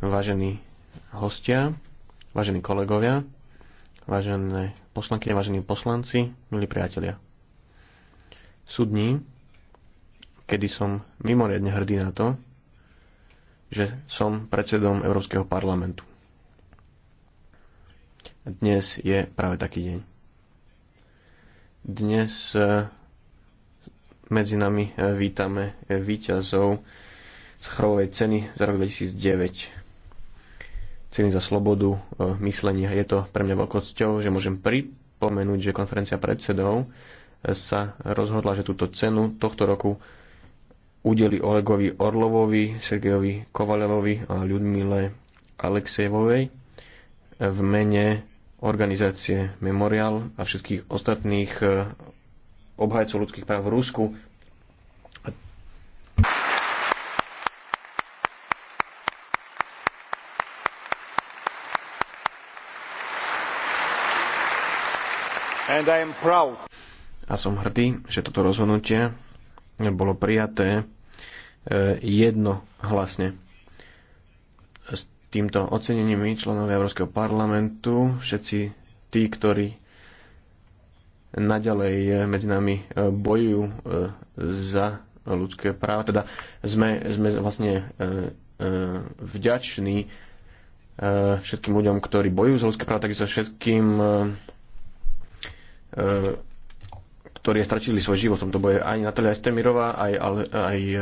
Vážení hostia, vážení kolegovia, vážené poslanky, vážení poslanci, milí priatelia. Sú dní, kedy som mimoriadne hrdý na to, že som predsedom Európskeho parlamentu. Dnes je práve taký deň. Dnes eh, medzi nami eh, vítame eh, víťazov chrovovej ceny za rok 2009. Ceny za slobodu e, myslenia. Je to pre mňa veľkou cťou, že môžem pripomenúť, že konferencia predsedov e, sa rozhodla, že túto cenu tohto roku udeli Olegovi Orlovovi, Sergejovi Kovalevovi a Ľudmile Aleksejevovej v mene organizácie Memorial a všetkých ostatných e, obhajcov ľudských práv v Rusku, A som hrdý, že toto rozhodnutie bolo prijaté e, jednohlasne. S týmto ocenením my, členovia Európskeho parlamentu, všetci tí, ktorí naďalej e, medzi nami e, bojujú za ľudské práva, teda sme, sme vlastne vďační všetkým ľuďom, ktorí bojujú za ľudské práva, takisto všetkým E, ktorí stratili svoj život v tomto boje. Aj Natalia Estemirová, aj, aj e,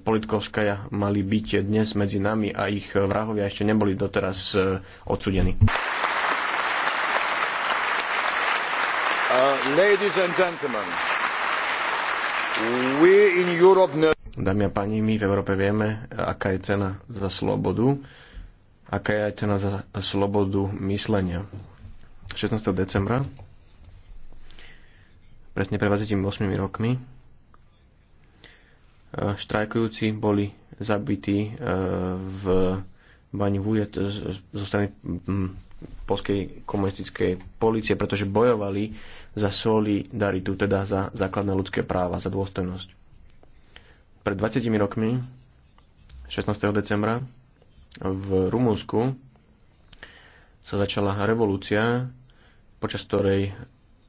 Politkovskaja mali byť dnes medzi nami a ich vrahovia ešte neboli doteraz e, odsudení. Uh, Europe... Dámy a páni, my v Európe vieme, aká je cena za slobodu, aká je aj cena za slobodu myslenia. 16. decembra presne pred 28 rokmi. E, štrajkujúci boli zabití e, v Bani Vujet zo strany polskej komunistickej policie, pretože bojovali za solidaritu, teda za základné ľudské práva, za dôstojnosť. Pred 20 rokmi, 16. decembra, v Rumunsku sa začala revolúcia, počas ktorej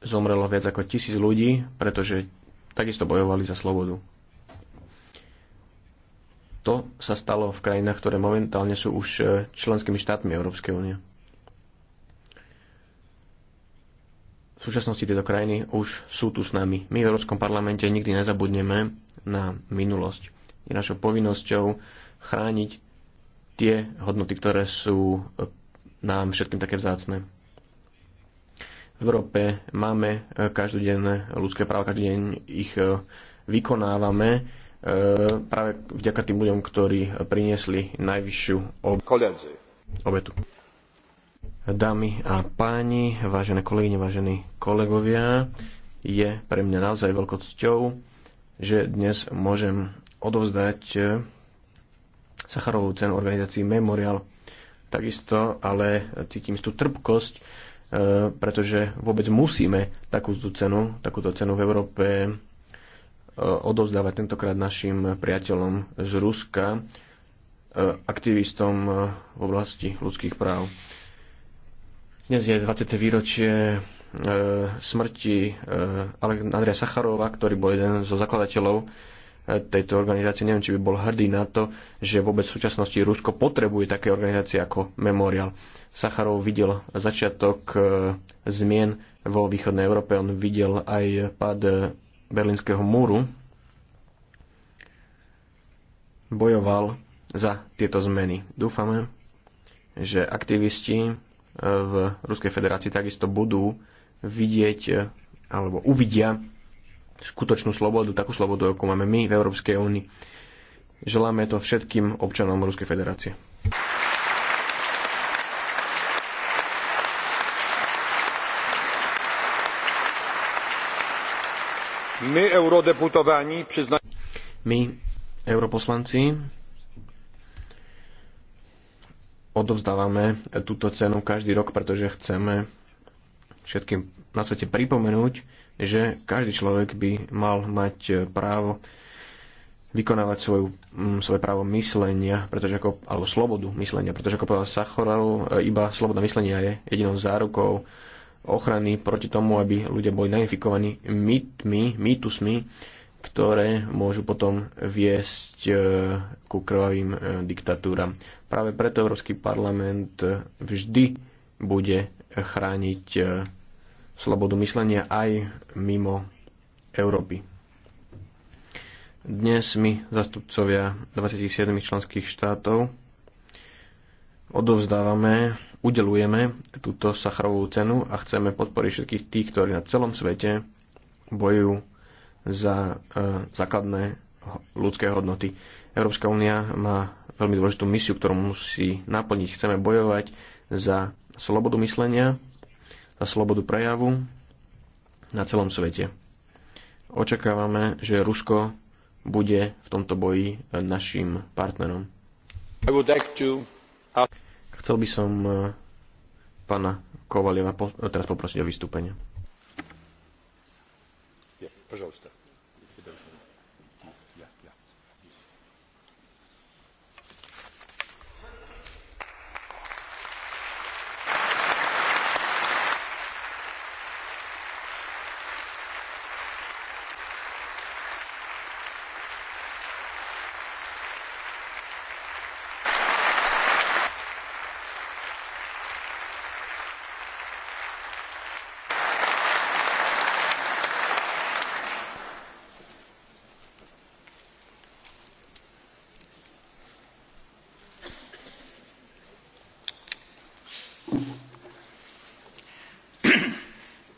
zomrelo viac ako tisíc ľudí, pretože takisto bojovali za slobodu. To sa stalo v krajinách, ktoré momentálne sú už e, členskými štátmi Európskej únie. V súčasnosti tieto krajiny už sú tu s nami. My v Európskom parlamente nikdy nezabudneme na minulosť. Je našou povinnosťou chrániť tie hodnoty, ktoré sú e, nám všetkým také vzácne v Európe máme e, každodenné ľudské práva, každý deň ich e, vykonávame e, práve vďaka tým ľuďom, ktorí priniesli najvyššiu ob- obetu. Dámy a páni, vážené kolegyne, vážení kolegovia, je pre mňa naozaj veľkou cťou, že dnes môžem odovzdať Sacharovú cenu organizácii Memorial. Takisto ale cítim tú trpkosť, E, pretože vôbec musíme takúto cenu, takúto cenu v Európe e, odovzdávať tentokrát našim priateľom z Ruska, e, aktivistom v oblasti ľudských práv. Dnes je 20. výročie smrti Andreja Sacharova, ktorý bol jeden zo zakladateľov tejto organizácie. Neviem, či by bol hrdý na to, že vôbec v súčasnosti Rusko potrebuje také organizácie ako Memorial. Sacharov videl začiatok e, zmien vo východnej Európe, on videl aj pád e, berlínskeho múru, bojoval za tieto zmeny. Dúfame, že aktivisti e, v Ruskej federácii takisto budú vidieť alebo uvidia skutočnú slobodu, takú slobodu, ako máme my v Európskej únii. Želáme to všetkým občanom Ruskej federácie. My, eurodeputovaní, prizna... My, europoslanci, odovzdávame túto cenu každý rok, pretože chceme všetkým na svete pripomenúť, že každý človek by mal mať e, právo vykonávať svoju, mm, svoje právo myslenia, pretože ako, alebo slobodu myslenia, pretože ako povedal Sachorov, e, iba sloboda myslenia je jedinou zárukou ochrany proti tomu, aby ľudia boli nainfikovaní mýtmi, mýtusmi, ktoré môžu potom viesť e, ku krvavým diktatúram. Práve preto Európsky parlament vždy bude chrániť slobodu myslenia aj mimo Európy. Dnes my, zastupcovia 27 členských štátov, odovzdávame, udelujeme túto Sacharovú cenu a chceme podporiť všetkých tých, ktorí na celom svete bojujú za e, základné ľudské hodnoty. Európska únia má veľmi dôležitú misiu, ktorú musí naplniť. Chceme bojovať za slobodu myslenia, za slobodu prejavu na celom svete. Očakávame, že Rusko bude v tomto boji našim partnerom. Chcel by som eh, pána Kovalieva eh, teraz poprosiť o vystúpenie.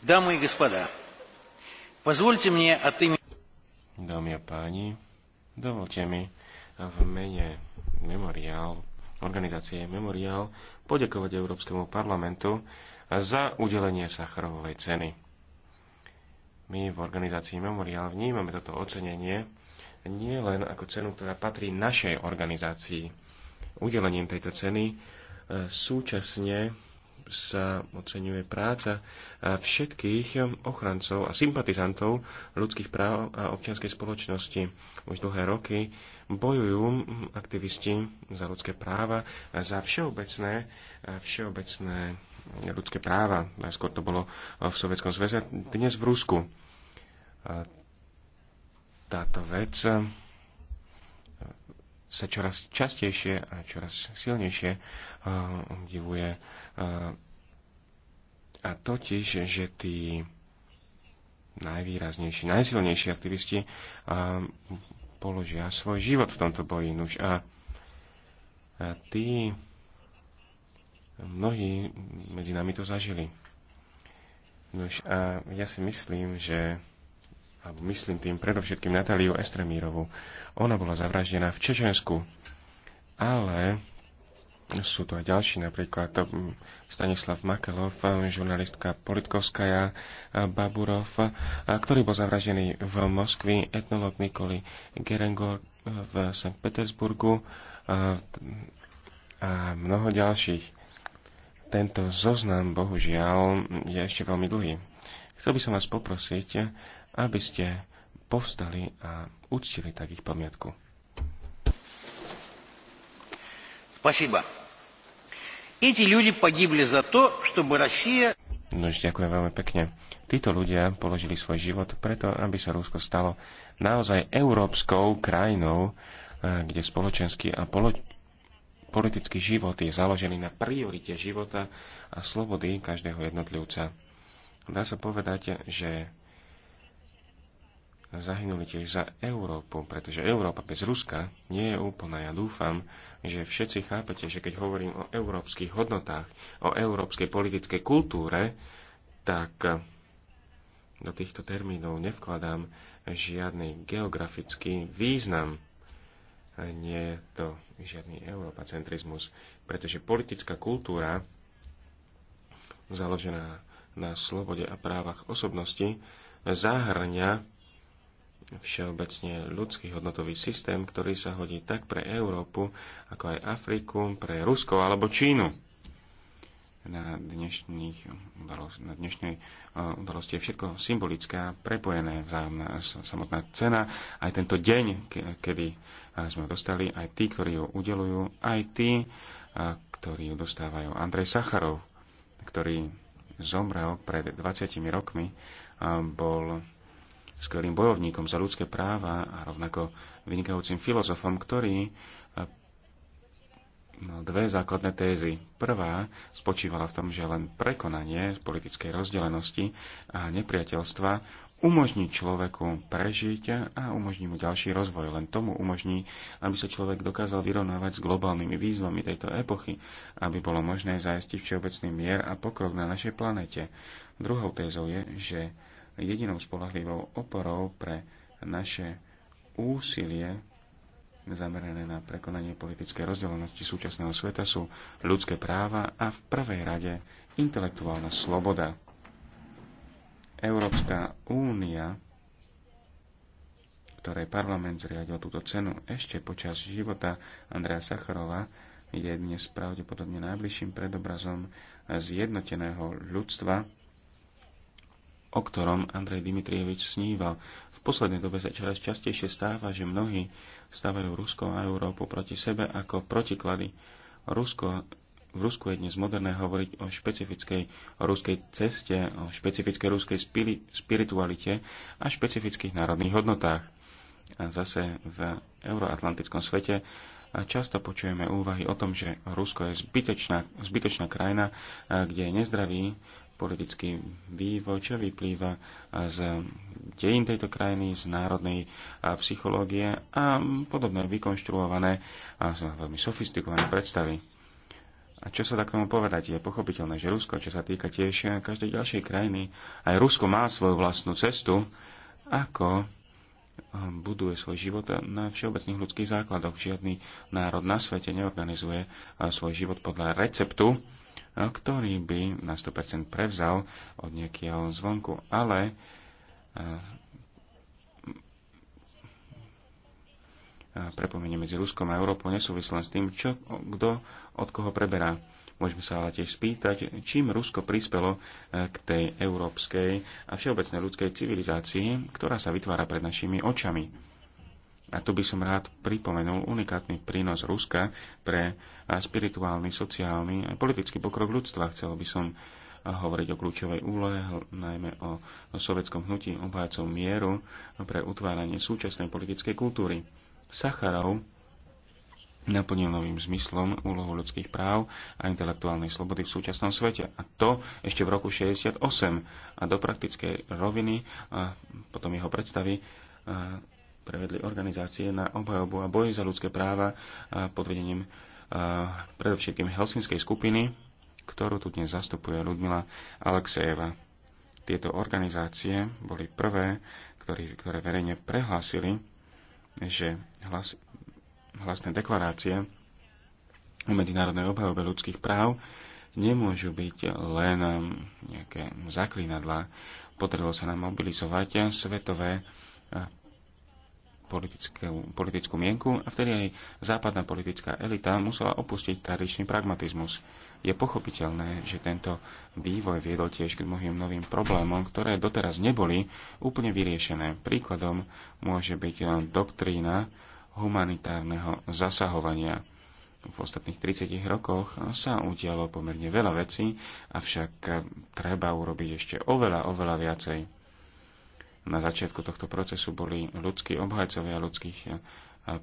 Дамы и господа, позвольте мне от имени... Dámy a páni, dovolte mi v mene Memoriál, organizácie Memoriál poďakovať Európskemu parlamentu za udelenie Sacharovej ceny. My v organizácii Memoriál vnímame toto ocenenie nie len ako cenu, ktorá patrí našej organizácii. Udelením tejto ceny e, súčasne sa oceňuje práca všetkých ochrancov a sympatizantov ľudských práv a občianskej spoločnosti. Už dlhé roky bojujú aktivisti za ľudské práva a za všeobecné, všeobecné ľudské práva. Najskôr to bolo v Sovjetskom zväze, dnes v Rusku. Táto vec sa čoraz častejšie a čoraz silnejšie obdivuje a totiž, že tí najvýraznejší, najsilnejší aktivisti a, položia svoj život v tomto boji. Nuž a, a tí mnohí medzi nami to zažili. Nuž a ja si myslím, že alebo myslím tým predovšetkým Natáliu Estremírovu. Ona bola zavraždená v Čečensku, ale sú tu aj ďalší, napríklad mm, Stanislav Makelov, žurnalistka Politkovskaja, Baburov, ktorý bol zavraždený v Moskvi, etnolog Nikoli Gerengor v Sankt Petersburgu a mnoho ďalších. Tento zoznam, bohužiaľ, je ešte veľmi dlhý. Chcel by som vás poprosiť, aby ste povstali a uctili takých pamiatku. Спасибо. Эти люди погибли за то, чтобы Россия... No ďakujem veľmi pekne. Títo ľudia položili svoj život preto, aby sa Rusko stalo naozaj európskou krajinou, kde spoločenský a politický život je založený na priorite života a slobody každého jednotlivca. Dá sa povedať, že zahynuli tiež za Európu, pretože Európa bez Ruska nie je úplná. Ja dúfam, že všetci chápete, že keď hovorím o európskych hodnotách, o európskej politickej kultúre, tak do týchto termínov nevkladám žiadny geografický význam. Nie je to žiadny europacentrizmus, pretože politická kultúra založená na slobode a právach osobnosti zahrňa všeobecne ľudský hodnotový systém, ktorý sa hodí tak pre Európu, ako aj Afriku, pre Rusko alebo Čínu. Na, dnešných, na dnešnej eh, udalosti je všetko symbolické a prepojené vzájomná samotná cena. Aj tento deň, kedy eh, sme dostali, aj tí, ktorí ju udelujú, aj tí, eh, ktorí ju dostávajú. Andrej Sacharov, ktorý zomrel pred 20 rokmi, bol skvelým bojovníkom za ľudské práva a rovnako vynikajúcim filozofom, ktorý eh, mal dve základné tézy. Prvá spočívala v tom, že len prekonanie politickej rozdelenosti a nepriateľstva umožní človeku prežiť a umožní mu ďalší rozvoj. Len tomu umožní, aby sa človek dokázal vyrovnávať s globálnymi výzvami tejto epochy, aby bolo možné zajistiť všeobecný mier a pokrok na našej planete. Druhou tézou je, že jedinou spolahlivou oporou pre naše úsilie zamerané na prekonanie politickej rozdelenosti súčasného sveta sú ľudské práva a v prvej rade intelektuálna sloboda. Európska únia, ktorej parlament zriadil túto cenu ešte počas života Andrea Sacharova, je dnes pravdepodobne najbližším predobrazom zjednoteného ľudstva, o ktorom Andrej Dimitrievič sníval. V poslednej dobe sa čoraz častejšie stáva, že mnohí stavajú Rusko a Európu proti sebe ako protiklady. Rusko, v Rusku je dnes moderné hovoriť o špecifickej ruskej ceste, o špecifickej ruskej spili, spiritualite a špecifických národných hodnotách. A zase v euroatlantickom svete často počujeme úvahy o tom, že Rusko je zbytečná, zbytočná krajina, kde je nezdravý politický vývoj, čo vyplýva z dejín tejto krajiny, z národnej psychológie a podobné vykonštruované a veľmi sofistikované predstavy. A čo sa dá k tomu povedať? Je pochopiteľné, že Rusko, čo sa týka tiež každej ďalšej krajiny, aj Rusko má svoju vlastnú cestu, ako buduje svoj život na všeobecných ľudských základoch. Žiadny národ na svete neorganizuje svoj život podľa receptu, ktorý by na 100% prevzal od niekiaľ zvonku, ale prepomenie medzi Ruskom a Európou nesúvisí len s tým, čo, kto od koho preberá. Môžeme sa ale tiež spýtať, čím Rusko prispelo e, k tej európskej a všeobecnej ľudskej civilizácii, ktorá sa vytvára pred našimi očami a tu by som rád pripomenul unikátny prínos Ruska pre spirituálny, sociálny a politický pokrok ľudstva. Chcel by som hovoriť o kľúčovej úlohe, najmä o, sovietskom hnutí obhájcov mieru pre utváranie súčasnej politickej kultúry. Sacharov naplnil novým zmyslom úlohu ľudských práv a intelektuálnej slobody v súčasnom svete. A to ešte v roku 68. A do praktickej roviny a potom jeho predstavy prevedli organizácie na obhajobu a boj za ľudské práva pod vedením predovšetkým Helsinskej skupiny, ktorú tu dnes zastupuje Ludmila Alexejeva. Tieto organizácie boli prvé, ktorý, ktoré verejne prehlásili, že hlas, hlasné deklarácie o medzinárodnej obhajobe ľudských práv nemôžu byť len um, nejaké zaklínadla. Potrebovalo sa nám mobilizovať svetové politickú, politickú mienku a vtedy aj západná politická elita musela opustiť tradičný pragmatizmus. Je pochopiteľné, že tento vývoj viedol tiež k mnohým novým problémom, ktoré doteraz neboli úplne vyriešené. Príkladom môže byť eh, doktrína humanitárneho zasahovania. V ostatných 30 rokoch sa udialo pomerne veľa vecí, avšak eh, treba urobiť ešte oveľa, oveľa viacej na začiatku tohto procesu boli ľudskí obhajcovia ľudských eh,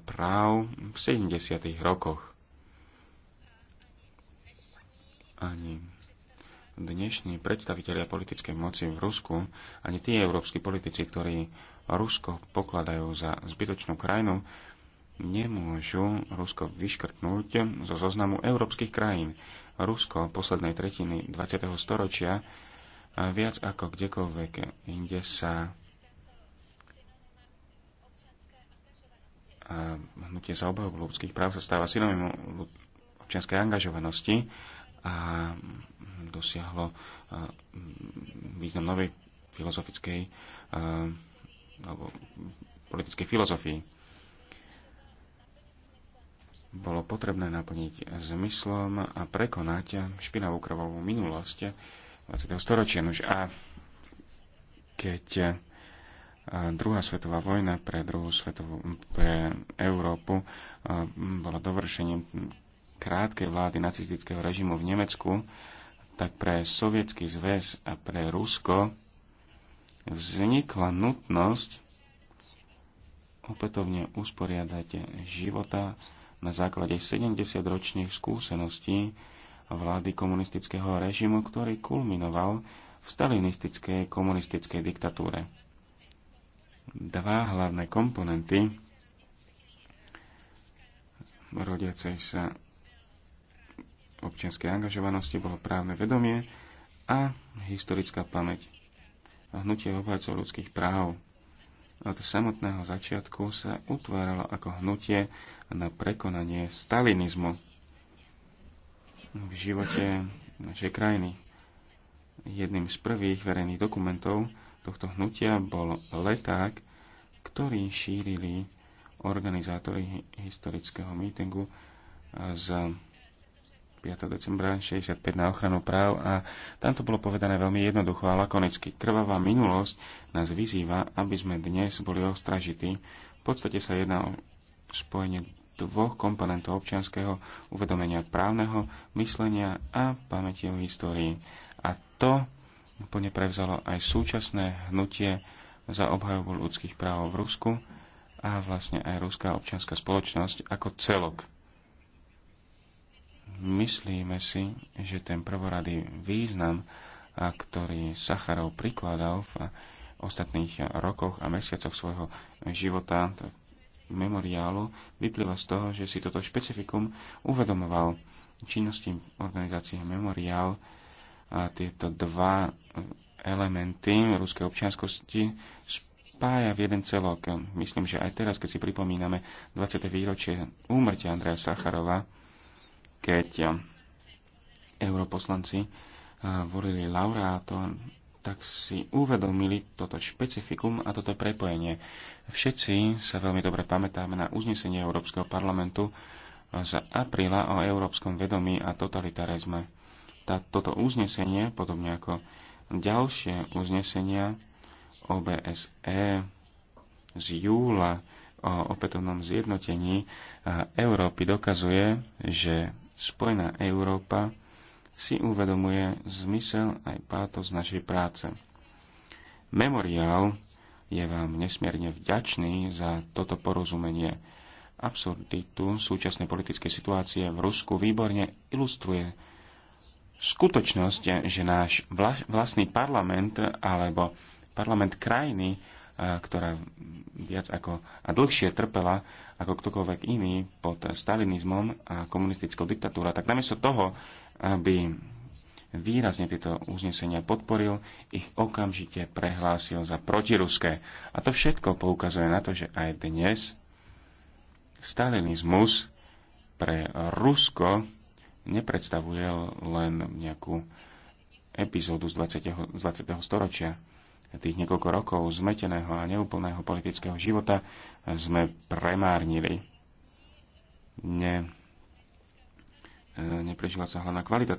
práv v 70. rokoch. Ani dnešní predstavitelia politickej moci v Rusku, ani tí európsky politici, ktorí Rusko pokladajú za zbytočnú krajinu, nemôžu Rusko vyškrtnúť zo zoznamu európskych krajín. Rusko poslednej tretiny 20. storočia eh, viac ako kdekoľvek inde sa a hnutie za obhajobu ľudských práv sa stáva synovým občianskej angažovanosti a dosiahlo e, význam novej filozofickej e, alebo politickej filozofii. Bolo potrebné naplniť zmyslom a prekonať špinavú krvovú minulosť 20. storočia. Nož a keď druhá svetová vojna pre, druhú svetovú, pre Európu bola dovršením krátkej vlády nacistického režimu v Nemecku, tak pre Sovietský zväz a pre Rusko vznikla nutnosť opätovne usporiadať života na základe 70-ročných skúseností vlády komunistického režimu, ktorý kulminoval v stalinistickej komunistickej diktatúre dva hlavné komponenty rodiacej sa občianskej angažovanosti bolo právne vedomie a historická pamäť a hnutie obhajcov ľudských práv. Od samotného začiatku sa utváralo ako hnutie na prekonanie stalinizmu v živote našej krajiny. Jedným z prvých verejných dokumentov tohto hnutia bol leták, ktorý šírili organizátori historického mítingu z 5. decembra 65 na ochranu práv a tam to bolo povedané veľmi jednoducho a lakonicky. Krvavá minulosť nás vyzýva, aby sme dnes boli ostražití. V podstate sa jedná o spojenie dvoch komponentov občianského uvedomenia právneho, myslenia a pamäti o histórii. A to úplne prevzalo aj súčasné hnutie za obhajobu ľudských práv v Rusku a vlastne aj ruská občianská spoločnosť ako celok. Myslíme si, že ten prvoradý význam, a ktorý Sacharov prikladal v ostatných rokoch a mesiacoch svojho života memoriálu, vyplýva z toho, že si toto špecifikum uvedomoval činnosti organizácie Memoriál tieto dva eh, elementy ruskej občianskosti spája v jeden celok. Myslím, že aj teraz, keď si pripomíname 20. výročie úmrtia Andreja Sacharova, keď eh, europoslanci eh, volili laureáto, tak si uvedomili toto špecifikum a toto prepojenie. Všetci sa veľmi dobre pamätáme na uznesenie Európskeho parlamentu z apríla o európskom vedomí a totalitarizme tá, toto uznesenie, podobne ako ďalšie uznesenia OBSE z júla o opätovnom zjednotení Európy dokazuje, že spojená Európa si uvedomuje zmysel aj pátos našej práce. Memoriál je vám nesmierne vďačný za toto porozumenie. Absurditu súčasnej politickej situácie v Rusku výborne ilustruje skutočnosť, že náš vlastný parlament alebo parlament krajiny, ktorá viac ako a dlhšie trpela ako ktokoľvek iný pod stalinizmom a komunistickou diktatúrou, tak namiesto toho, aby výrazne tieto uznesenia podporil, ich okamžite prehlásil za protiruské. A to všetko poukazuje na to, že aj dnes stalinizmus pre Rusko nepredstavuje len nejakú epizódu z 20. Z 20. storočia. Tých niekoľko rokov zmeteného a neúplného politického života sme premárnili. Ne, e, neprežila sa hlavná kvalita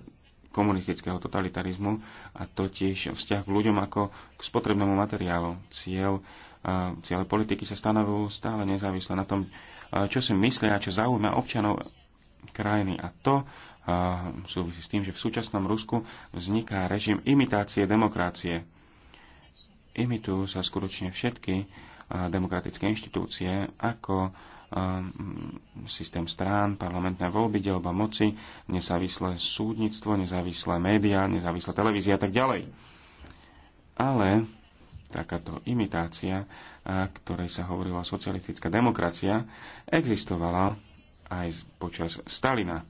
komunistického totalitarizmu a totiž vzťah k ľuďom ako k spotrebnému materiálu. Cieľ, e, cieľ politiky sa stanovujú stále nezávisle na tom, e, čo si myslia a čo zaujíma občanov krajiny. A to súvisí s tým, že v súčasnom Rusku vzniká režim imitácie demokracie. Imitujú sa skutočne všetky demokratické inštitúcie, ako systém strán, parlamentné voľby, delba moci, nezávislé súdnictvo, nezávislé médiá, nezávislá televízia a tak ďalej. Ale takáto imitácia, ktorej sa hovorila socialistická demokracia, existovala aj počas Stalina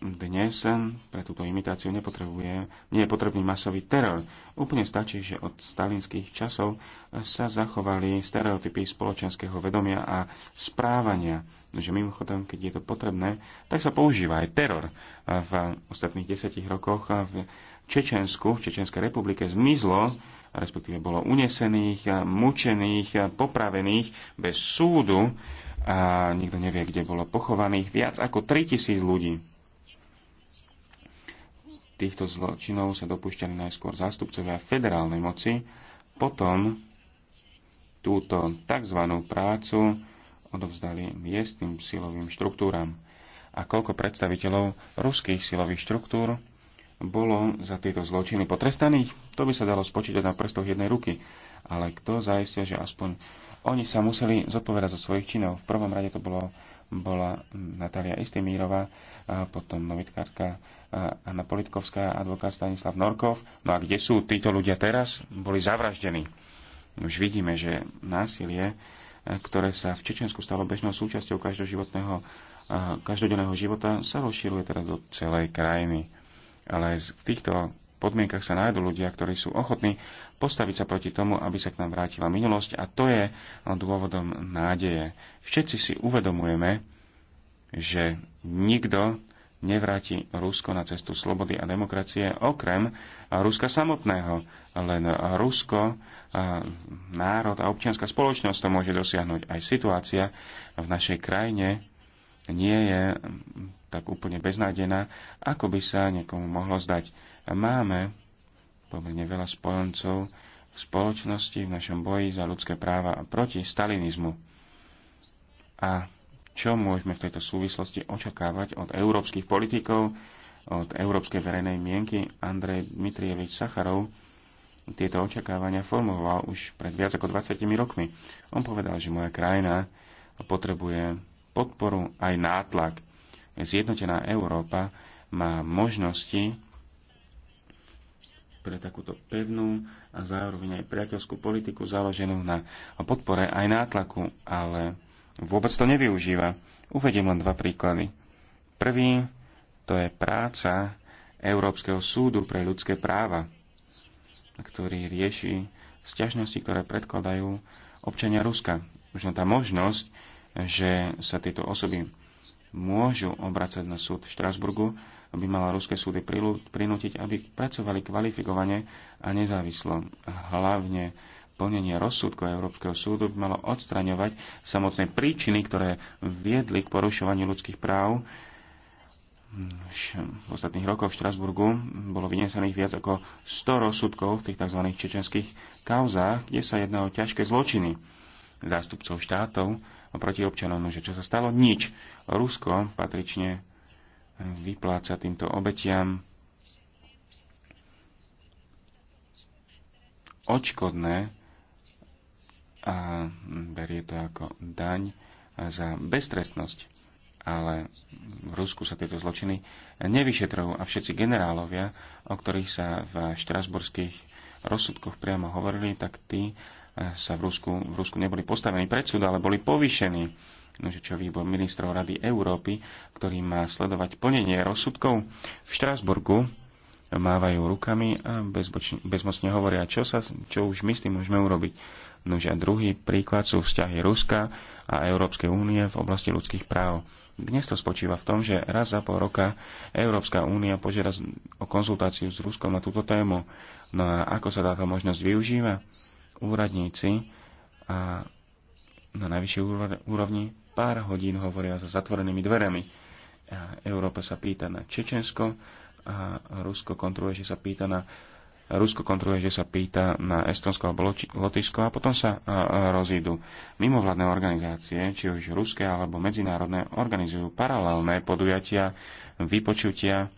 dnes pre túto imitáciu nepotrebuje, nie je potrebný masový teror. Úplne stačí, že od stalinských časov sa zachovali stereotypy spoločenského vedomia a správania. Že mimochodom, keď je to potrebné, tak sa používa aj teror. V ostatných desetich rokoch v Čečensku, v Čečenskej republike zmizlo respektíve bolo unesených, mučených, popravených bez súdu a nikto nevie, kde bolo pochovaných viac ako 3000 ľudí. Týchto zločinov sa dopúšťali najskôr zástupcovia federálnej moci, potom túto tzv. prácu odovzdali miestnym silovým štruktúram. A koľko predstaviteľov ruských silových štruktúr bolo za tieto zločiny potrestaných? To by sa dalo spočítať na prstoch jednej ruky. Ale kto zaistia, že aspoň oni sa museli zodpovedať za svojich činov. V prvom rade to bolo, bola Natália Istimírová, a potom novitkárka Anna Politkovská, advokát Stanislav Norkov. No a kde sú títo ľudia teraz? Boli zavraždení. Už vidíme, že násilie, ktoré sa v Čečensku stalo bežnou súčasťou každoživotného, každodenného života, sa rozširuje teraz do celej krajiny. Ale v týchto podmienkach sa nájdú ľudia, ktorí sú ochotní postaviť sa proti tomu, aby sa k nám vrátila minulosť a to je dôvodom nádeje. Všetci si uvedomujeme, že nikto nevráti Rusko na cestu slobody a demokracie okrem Ruska samotného. Len Rusko, národ a občianská spoločnosť to môže dosiahnuť. Aj situácia v našej krajine nie je tak úplne beznádená, ako by sa niekomu mohlo zdať. Máme pomerne veľa spojencov v spoločnosti v našom boji za ľudské práva a proti stalinizmu. A čo môžeme v tejto súvislosti očakávať od európskych politikov, od európskej verejnej mienky Andrej Dmitrievič Sacharov tieto očakávania formuloval už pred viac ako 20 rokmi. On povedal, že moja krajina potrebuje podporu aj nátlak. Zjednotená Európa má možnosti pre takúto pevnú a zároveň aj priateľskú politiku založenú na podpore aj nátlaku, ale vôbec to nevyužíva. Uvediem len dva príklady. Prvý, to je práca Európskeho súdu pre ľudské práva, ktorý rieši sťažnosti, ktoré predkladajú občania Ruska. Už tá možnosť že sa tieto osoby môžu obracať na súd v Štrasburgu, aby mala ruské súdy prinútiť, aby pracovali kvalifikovane a nezávislo. Hlavne plnenie rozsudku Európskeho súdu by malo odstraňovať samotné príčiny, ktoré viedli k porušovaniu ľudských práv. V ostatných rokoch v Štrasburgu bolo vynesených viac ako 100 rozsudkov v tých tzv. čečenských kauzách, kde sa jedná o ťažké zločiny zástupcov štátov, Oproti občanom. že čo sa stalo? Nič. Rusko patrične vypláca týmto obetiam očkodné a berie to ako daň za beztrestnosť. Ale v Rusku sa tieto zločiny nevyšetrujú a všetci generálovia, o ktorých sa v štrasburských rozsudkoch priamo hovorili, tak tí sa v Rusku, v Rusku neboli postavení pred súd, ale boli povýšení. Nože čo výbor ministrov Rady Európy, ktorý má sledovať plnenie rozsudkov v Štrásburgu, mávajú rukami a bezbočne, bezmocne hovoria, čo, sa, čo už my s tým môžeme urobiť. Nože a druhý príklad sú vzťahy Ruska a Európskej únie v oblasti ľudských práv. Dnes to spočíva v tom, že raz za pol roka Európska únia požiada o konzultáciu s Ruskom na túto tému. No a ako sa táto možnosť využíva? úradníci a na najvyššej úrovni pár hodín hovoria so zatvorenými dverami. Európa sa pýta na Čečensko a Rusko kontroluje, že sa pýta na Rusko kontroluje, že sa pýta na Estonsko alebo Lotyšsko a potom sa rozídu. Mimovládne organizácie, či už ruské alebo medzinárodné, organizujú paralelné podujatia, vypočutia,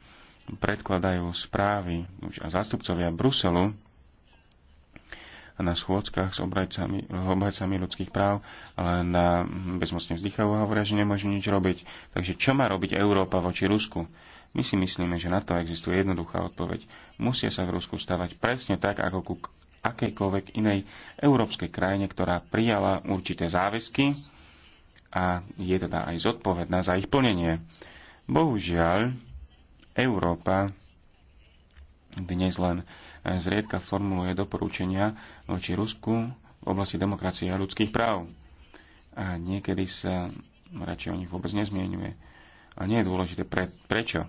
predkladajú správy už a zástupcovia Bruselu na schôdzkach s obrajcami, obrajcami ľudských práv, ale na bezmocne vzdychajú a hovoria, že nemôžu nič robiť. Takže čo má robiť Európa voči Rusku? My si myslíme, že na to existuje jednoduchá odpoveď. Musia sa v Rusku stavať presne tak, ako ku akejkoľvek inej európskej krajine, ktorá prijala určité záväzky a je teda aj zodpovedná za ich plnenie. Bohužiaľ, Európa dnes len zriedka formuluje doporučenia voči Rusku v oblasti demokracie a ľudských práv. A niekedy sa radšej o nich vôbec nezmienuje. A nie je dôležité pre, prečo.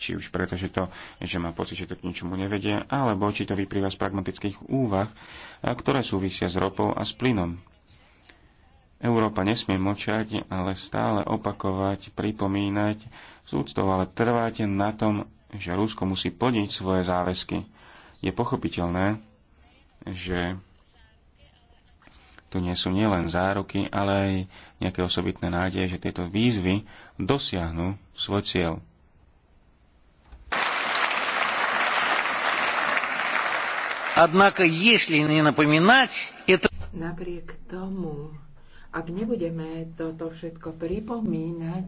Či už preto, že, to, že má pocit, že to k ničomu nevedie, alebo či to vyplýva z pragmatických úvah, ktoré súvisia s ropou a s plynom. Európa nesmie močať, ale stále opakovať, pripomínať s úctou, ale trváte na tom, že Rusko musí plniť svoje záväzky je pochopiteľné, že tu nie sú nielen záruky, ale aj nejaké osobitné nádeje, že tieto výzvy dosiahnu svoj cieľ. Однако, если не напоминать, это... Napriek tomu, ak nebudeme toto všetko pripomínať,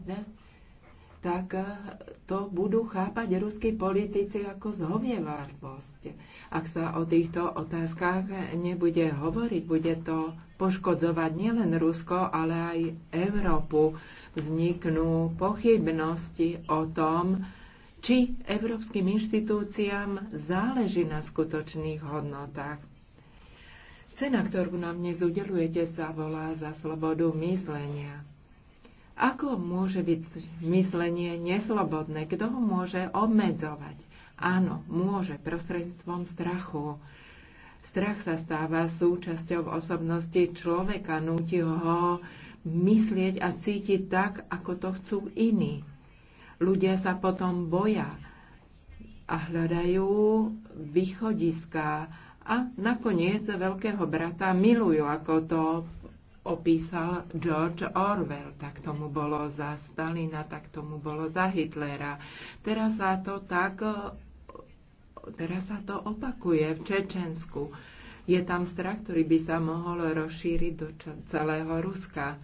tak eh, to budú chápať ruskí politici ako zhovievanosť. Ak sa o týchto otázkach nebude hovoriť, bude to poškodzovať nielen Rusko, ale aj Európu. Vzniknú pochybnosti o tom, či európskym inštitúciám záleží na skutočných hodnotách. Cena, ktorú nám dnes udelujete, sa volá za slobodu myslenia. Ako môže byť myslenie neslobodné? Kto ho môže obmedzovať? Áno, môže, prostredstvom strachu. Strach sa stáva súčasťou osobnosti človeka, núti ho myslieť a cítiť tak, ako to chcú iní. Ľudia sa potom boja a hľadajú východiska a nakoniec veľkého brata milujú, ako to opísal George Orwell. Tak tomu bolo za Stalina, tak tomu bolo za Hitlera. Teraz sa to tak teraz sa to opakuje v Čečensku. Je tam strach, ktorý by sa mohol rozšíriť do celého Ruska.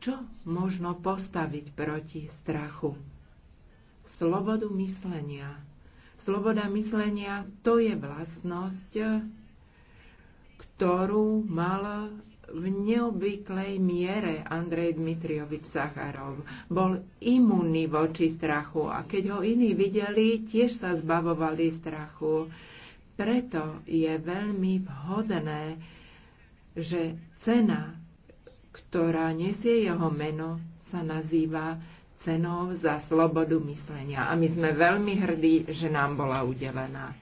Čo možno postaviť proti strachu? Slobodu myslenia. Sloboda myslenia to je vlastnosť, ktorú mal v neobvyklej miere Andrej Dmitriovič Sacharov bol imunný voči strachu a keď ho iní videli, tiež sa zbavovali strachu. Preto je veľmi vhodné, že cena, ktorá nesie jeho meno, sa nazýva cenou za slobodu myslenia. A my sme veľmi hrdí, že nám bola udelená.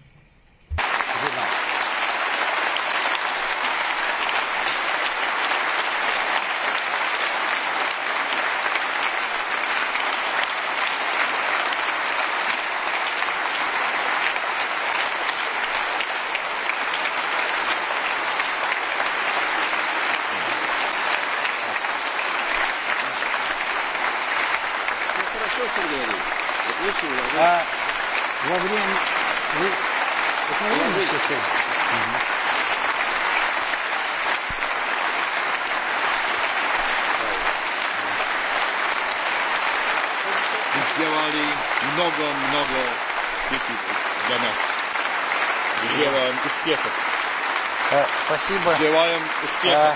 спасибо. Желаем успеха.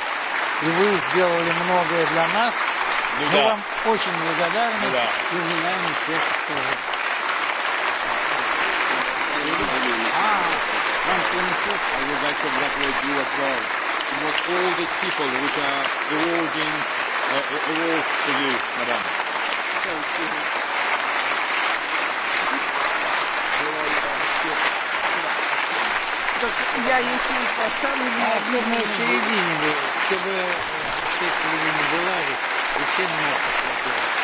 И вы сделали многое для нас. Ну, Мы да. вам очень благодарны да. и желаем успеха тоже. Thank you. я, еще и поставлю... А особенно в середине, чтобы все середине была, и всем нас посмотрели.